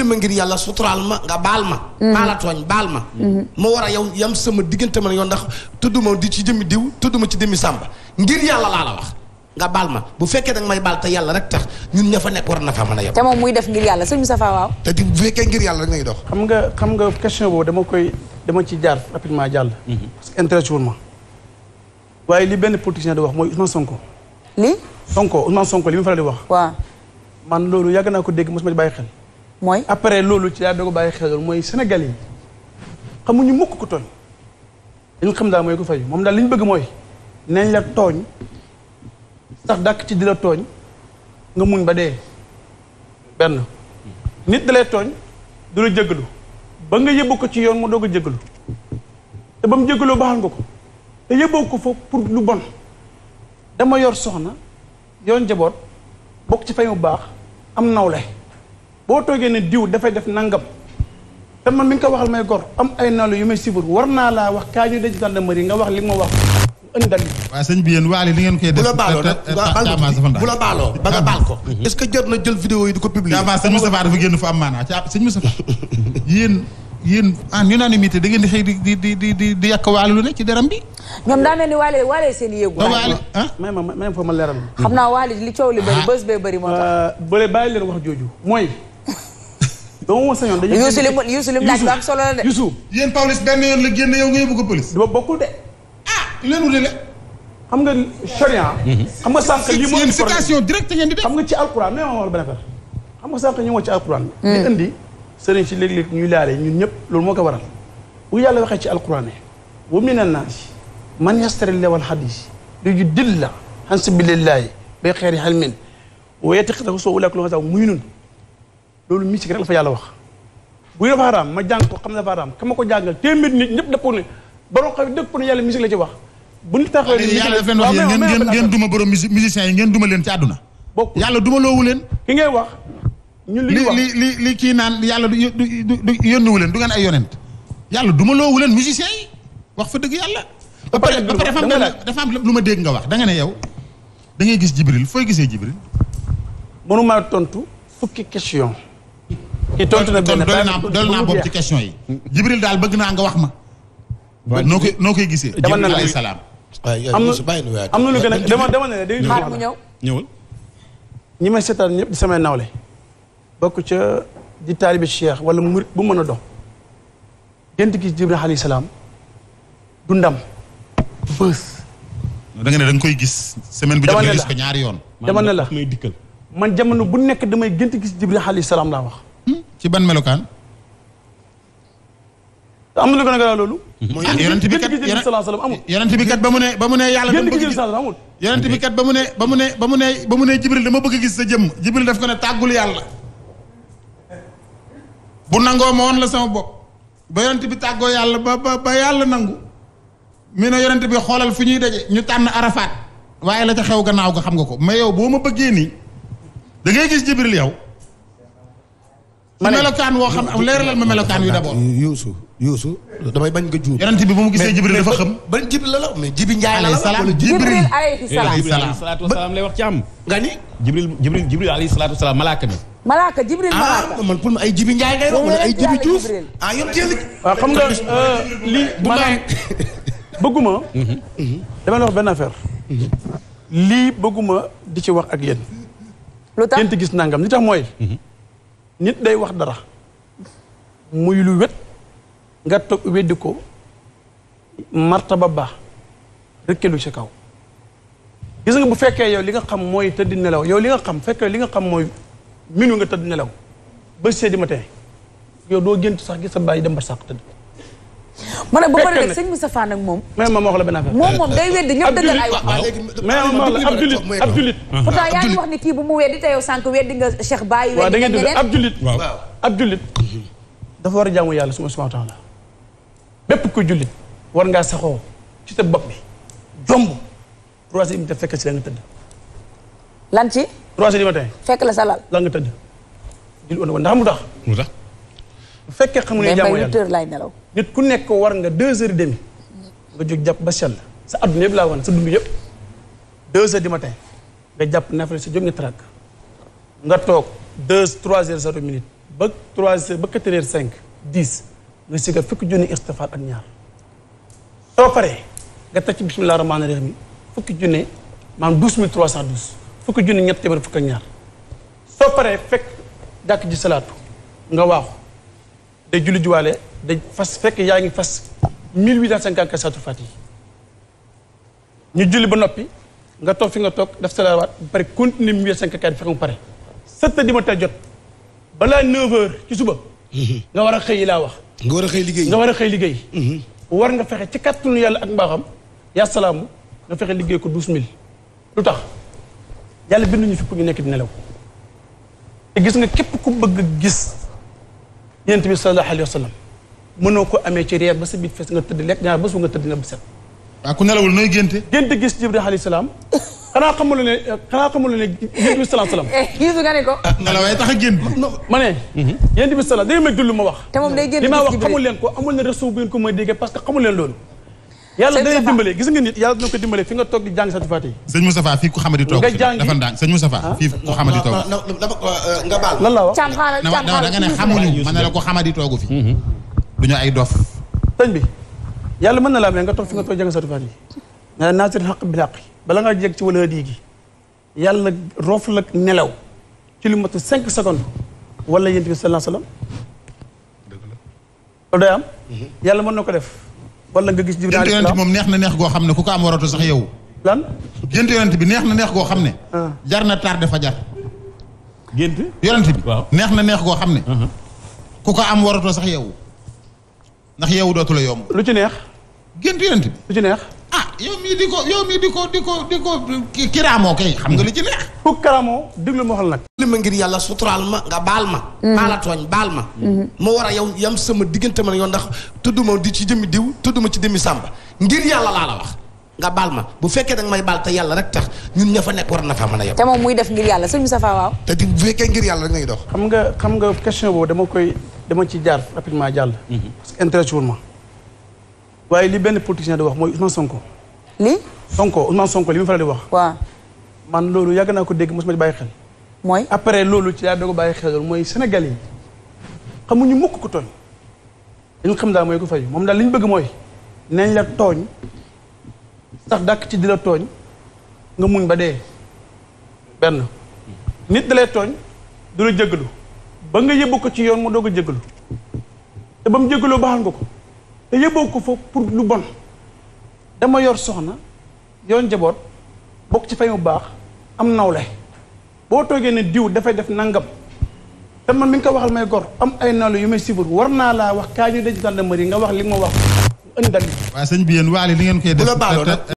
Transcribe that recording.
li ma ngir yàlla suturaal ma nga baal ma maa mm-hmm. baal ma moo mm-hmm. war a yow yam sama diggante man yoon ndax tudduma di ci jëmi diw tudduma ci demi sàmba ngir yàlla laa la wax nga baal ma bu fekkee danga may baal te yàlla rek tax ñun ña fa nekk war na fa mën a yem te moom muy def ngir yàlla sëñ Moustapha waaw te di bu fekkee ngir yàlla rek ngay dox xam nga xam nga question boobu dama koy dama ci jaar rapidement jàll mm-hmm. parce que intéressé wul ma waaye li benn politicien di wax mooy Ousmane Sonko li Sonko Ousmane Sonko li mu faral di wax waaw man loolu yàgg naa ko dégg ma ci bàyyi xel mooy après loolu ci laa doog a bàyyi xel loolu mooy Sénégal yi ñu mukk ko tooñ liñ xam daal mooy ko fayu moom daal li ñu bëgg mooy nañ la tooñ sax dàkk ci di la tooñ nga muñ ba dee benn nit da tooñ du la jëggalu ba nga yëbbu ko ci yoon mu doog a jëggalu te ba mu jëggaloo baaxal nga ko te yëbboo ko fa pour lu bon dama yor soxna yoon jaboot bokk ci fay mu baax am nawle boo toogee ne diw dafay def nangam te man mi nga ko waxal may gor am ay naalu yu may sibur war naa laa wax kaa ñu nga wax li ma wax ëndal waaw sëñ bi waale li ngeen koy def bu la baaloo bu la ko mhm. est-ce que jot na jël vidéo yi di ko publier Tamba sëñ Moustapha dafa génn fa am maanaa ca sëñ Moustapha yéen yéen en unanimité da ngeen di xëy di di di di di yàq waale lu ne ci deram bi ñoom daa mel ni waale waale seen yéegu waale ah may ma may ma fa ma leeral xam naa waale li coow li bëri bés bee bëri moo tax euh, leen wax jooju mooy dama ma sañoon dañuy Youssou li mu Youssou li laaj ba solo la de. Youssou yéen Pawlish nga yóbbu ko de. ah leen xam nga charia. Mhm. xam nga sànq lii mooy. citation directe di def. xam nga ci alquran nee ma war benn affaire xam nga sànq ñu ngi ci alquran. Mm. li indi sëriñ si léeg-léeg ñuy laale ñun ñëpp loolu moo ko waral. bu yàlla waxee ci alquran ne. wa mina naasi man yastari lewal xadis li yudilla an sabilillahi bi xeeri xalmin wa yetiqitahu soo ulaaka lu muy nun loolu mystique rek la fa yàlla wax bu dafa xaraam ma jàng ko xam ne dafa xaraam ka ma ko jàngal téeméer nit ñëpp dëppoo ne borom xam dëppoo ne yàlla musique la ci wax bu ñu taxawee ni yàlla dafa wax ngeen ngeen duma borom musiciens yi ngeen duma leen ci àdduna yàlla duma loowu leen ki ngay wax ñun li li li li kii naan yàlla du yónniwu leen du ngeen ay yonent yàlla duma loowu leen musiciens yi wax fa dëgg yàlla ba pare dafa am lu ma dégg nga wax da nga ne yow da ngay gis jibril fooy gisee jibril mënu maa tontu fukki question te tontu na benn doy naa boobu ci question yi. Jibril daal bëgg naa nga wax ma. waaw noo koy noo koy gisee. dama ne la alayhi salaam. am na am na lu gën a dama dama ne la day. may seetaan ñëpp di samay nawle. bokk ca di wala murit mën a dox. gént gi Jibril alayhi salaam da ne da koy gis semaine bu jot nga ñaari yoon. dama na la man jamono bu nekk damay gént gis Jibril alayhi salaam laa wax. ci ban melokaan. am na lu a loolu. mooy yonent bi kat yonent bi kat ba mu ne ba mu ne yàlla. dama bëgg yonent bi kat ba mu ne ba ne ba mu ne ba mu ne Jibril dama bëgg gis sa jëmm Jibril daf ko ne tàggul yàlla. bu nangoo ma woon la sama bopp ba yonent bi tàggoo yàlla ba ba ba yàlla nangu mi ne yonent bi xoolal fu ñuy daje ñu tànn Arafat waaye la ca xew gannaaw ga xam nga ko mais yow boo ma bëggee nii da ngay gis Jibril yow. ma ne melokaan woo xam am leeralal ma melokaan yu d'abord. yuusu yuusu damay bañ nga juum. yonent bi ba mu gisee jibril dafa xam. ban jibril la la mais jibi njaay la la wala jibril alayhi salaam jibril alayhi salaatu wasalaam lay wax ci am. nga ni. jibril jibril jibril alayhi salaatu wasalaam malaaka mi. malaaka jibril ah, malaaka ah man pour ay jibi njaay ngay wax wala ay jibi juuf ah yéen teel waaw xam nga euh, li bu ma bëgguma. dama la wax benn affaire. lii bëgguma di ci wax ak yéen. lu tax yéen gis nangam li tax mooy. nit day wax dara muy lu wet nga toog weddi ko martaba ba rëkkelu ci kaw gis nga bu fekkee yow li nga xam mooy tëdd nelaw yow li nga xam fekkee li nga xam mooy minu nga tëdd nelaw ba seedi matin yow doo gént sax gis sa bàyyi dem ba sàq tëdd ma ne ba pare rek sëñ Moustapha nag moom. même moom wax la benn affaire. moom moom ay wax. waaw waaw ab julit ab julit. pourtant yaa ngi wax ni kii bu dafa war a jaamu yàlla subhaanahu wa taala bépp ku julit war ngaa saxoo ci sa bopp bi jomb trois heures du matin fekk nga tëdd. lan ci. fekk la sa lal. nga tëdd. di ndax mu tax. bu fekkee xamu ne jaamu yàlla nelaw nit ku nekk war nga deux heures et demi nga jóg jàpp ba sell sa adduna yëpp laa wan sa dund yëpp deux heures du matin nga jàpp nafila sa jóg nga trak nga toog deux trois heures zéro minute ba trois heures ba quatre heures cinq dix nga sigal fukki junni istifaar ak ñaar soo paree nga teg ci bismillah fukki junne maanaam douze mille cent douze fukki junne ñett téeméer fukk ak ñaar soo paree fekk jàkk ji salaatu nga waaxu day julli juwaale day fas fekk yaa ngi fas 1854 salaatul faatihi ñu julli ba noppi nga toog fi nga toog def salaawaat ba pare continuer 1854 fekk mu pare. 7 di ma tey jot balaa 9h ci suba. Mhm. nga war a xëy yi laa wax. nga war a xëy liggéey nga war a xëy liggéey. Mhm. war nga fexe ci kàttanu yàlla ak mbaaxam yaa salaamu nga fexe liggéey ko 12000. lu tax yàlla binduñu fi pour ñu nekk di nelaw te gis nga képp ku bëgg gis. yonent bi sallallahu alayhi wa sallam mënoo ko amee ci reer ba sa biit fees nga tëdd lekk ñaar bés bu nga tëdd nga bu set. waaw ku nelawul nooy génte. génte gis Jibril alayhi salaam xanaa xamul ne xanaa xamul ne yonent bi sallallahu alayhi wa sallam. gisu eh, nga ne ko. ah nelaw ay tax a génn. ma ne. yonent bi sallallahu day may dul ma wax. te moom day génn gis Jibril li ma wax xamul leen ko amul ne resu bu ngeen ko may déggee parce que xamul leen loolu. yàlla dana dimbale gis nga nit yàlla dina ko dimbale fi nga toog di jàng certificat yi sëñ Moustapha fii ku xamadi toog dafa ndànk ah? fii euh, lan la wax da nga ne xamuñu ma ne la ko xamadi toogu mhm. ay dof sëñ bi yàlla mën na laa may nga toog fi nga toog jàng certificat yi nga naasir xaq bi xaq bala ngaa jeg ci wala dii gi yàlla roof la nelaw ci lu matu cinq secondes wala yént bi sallallahu alayhi wasallam loolu day am mhm. yàlla mën na ko def wala nga gis jibril alayhi salaam moom neex na neex goo xam ne ku ko am waratu sax yow lan gént yonent bi neex na neex goo xam ne ah. jar na taar tardé fajar gént yonent bi neex na neex goo xam ne uh-huh. ku ko am waratu sax yow ndax yow dootu la yomb lu ci neex gént yonent bi ci neex ah yow mii di ko yow mii di ko di ko di ko kiraamoo kay xam nga li ci neex. ku kiraamoo déglu ma xol nag. li ma ngir yàlla suturaal ma nga baal ma. Mm-hmm. maa la tooñ baal ma. Mm-hmm. ma war a yow yam sama diggante ma yow ndax tudduma di ci jëmmi diw tudduma ci jëmmi sàmba ngir yàlla laa la wax. nga baal ma bu fekkee danga may baal te yàlla rek tax ñun ña fa nekk war na faa mën a yem. te moom muy def ngir yàlla sëñ Moustapha waaw. te di bu fekkee ngir yàlla rek ngay dox. xam nga xam nga question boobu dama koy dama ci jaar rapidement jàll. Mm-hmm. parce que intéressé waaye li benn politicien di wax mooy Ousmane Sonko. li Sonko Ousmane Sonko li mu faral di wax. waaw man loolu yàgg naa ko dégg mosuma ci bàyyi xel. mooy après loolu ci laa doog a bàyyi xel loolu mooy Sénégal yi xamuñu mukk ko tooñ. li xam daal mooy ko fa fay moom daal li ñu bëgg mooy nañ la tooñ sax dàkk ci di la tooñ nga muñ ba dee benn nit da tooñ du la jéggalu ba nga yëbbu ko ci yoon mu doog a jéggalu te ba mu jéggaloo baaxal nga ko. te yóbboo ko fa pour lu bon dama yor soxna yor jaboot bokk ci fay mu baax am nawle boo toogee ne diw dafay def nangam te man mi nga ko waxal may gor am ay nawle yu may sibur war naa laa wax kaa ñu denc gendarmerie nga wax li ma wax ëndal. waaw sañ bi yéen waale li ngeen koy def.